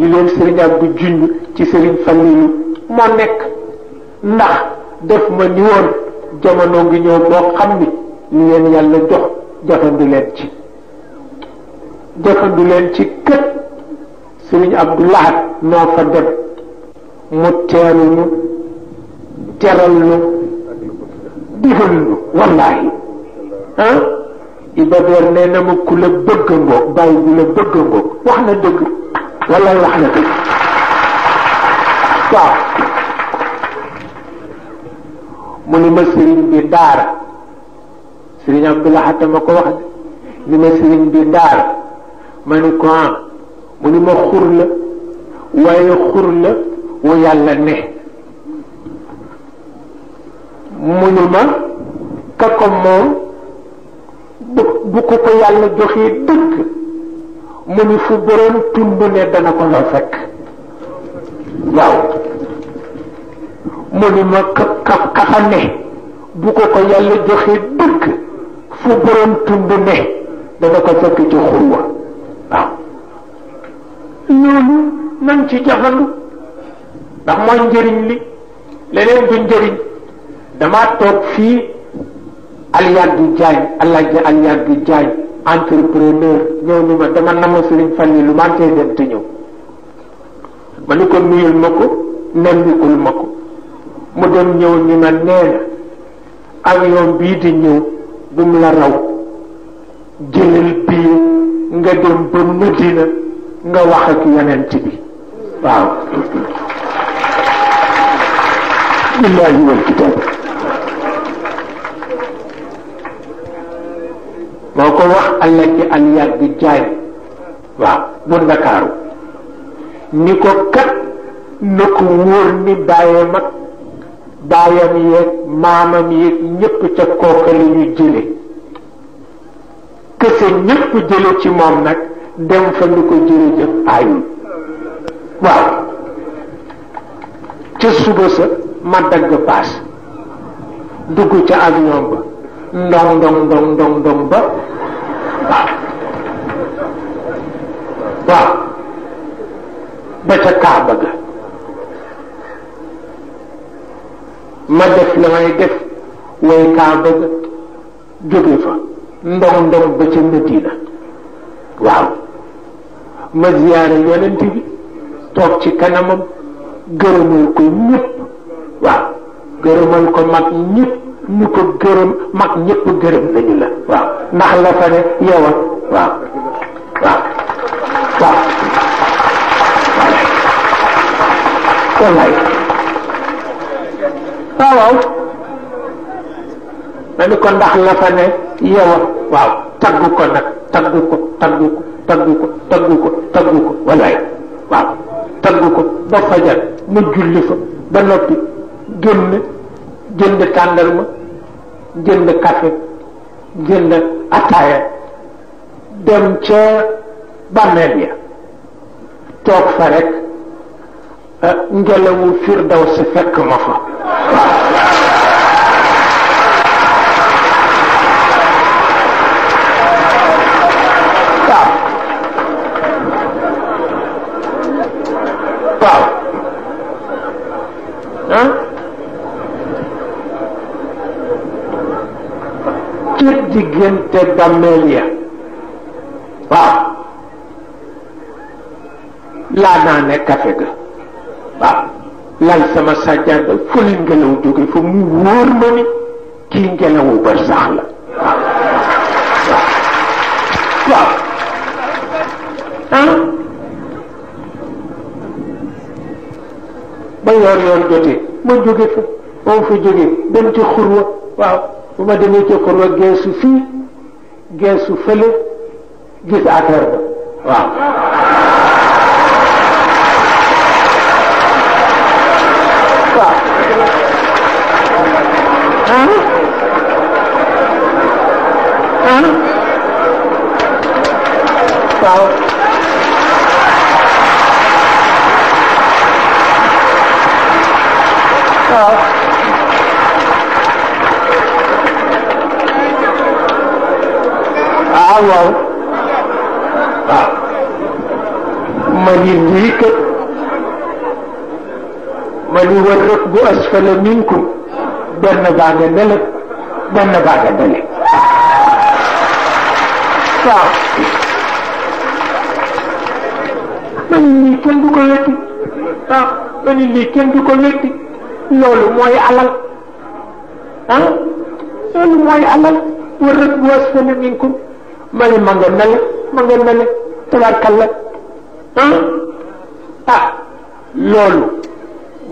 li leen sëriñ ab bu junj ci sëriñ Fallilu moo nekk ndax def ma ni woon jamono ngi ñëw boo xam ni li leen yàlla jox jafandu leen ci jafandu leen ci kët sëriñ Abdu Lahat noo fa dem mu teeru ñu teral ñu defal ñu wallaahi ah Iba Beer nee ku la bëgg ngoog bàyyi bu la bëgg ngoog wax na dëgg والله رحمته صح من ما سيرين بي عبد الله حتى ما كو واخ ني ما سيرين من كون من ما خور لا واي خور لا ويالا نه من ما ككوم مو بوكو كو يالا جوخي دك mu ni fu boroom tund ne dana ko la fekk waaw mu ni ma ka ka kaxa ne bu ko ko yàlla joxee dëkk fu boroom tund ne dana ko fekk ci xurwa waaw loolu nañ ci jafandu ndax mooy njëriñ li leneen bu njëriñ damaa toog fii Aliadou Diagne Alaaji Aliadou Diagne entrepreneur ñëw ni ma dama nama Sëriñ Fallilu maa ngi dem te ñëw ma ni ko nuyul ma ko nemmikul ma ko mu dem ñëw ni ma nee na avion bii di ñëw bu mu la raw jëlal bii nga dem ba Medina nga wax ak yonent bi waaw billahi wal kitaab moo ko wax alaji aliyaat bi jaay waaw bu ndakaaru ni ko kat na ko wóor ni bàyyam ak bàyyam yeeg maamam yeeg ñépp ca kooka la ñu jële kese ñépp jële ci moom nag dem fa ni ko jërëjëf ayul waaw ca suba sa ma dagg paas dugg ca avion ba ndong ndong ndong ndong ba waaw waaw ba ca kaaba ga ma def la may def way kaaba ga jóge fa ndong ndong ba ca Medina waaw ma ziyaare yonent bi toog ci kanamam gërëmal ko ñëpp waaw gërëmal ko mag ñëpp ñu ko gërëm mag ñëpp gërëm nañu la waaw ndax la fa ne yow waaw waaw waaw waaw waaw ma ni ko ndax la fa ne yow waaw taggu ko nag taggu ko taggu ko taggu ko taggu ko taggu ko wallaay waaw taggu ko ba fajar mu julli fa ba noppi génn génn tàndarma jënd café jënd ataaya dem ca bàmmeel ya toog fa rek ah, ngelawu firdaw si fekk ma ci diggante bàmmeel ya waaw laa naa ne kafe ga waaw lal sama sàjjaada fu li ngelaw jóge fa mu wóor ma ni kii ngelawu bër sax la waaw ah ba yoor yoon ma jóge fa moo fa jóge dem ci xurwa waaw bu ma demee ca kon wag gensu fii gensu fële gis affaire ba waaw Thank you. waaw waaw waaw ah. ma ni lii kat minkum benn baa nga nele benn baa nga nele waaw ah. ma ni lii kenn du ah. mooy alal ah loolu minkum ma ne ma nga mel ma nga mel tabarkalla hmm? ah loolu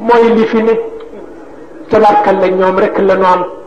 mooy li fi ne ñoom rek la ñu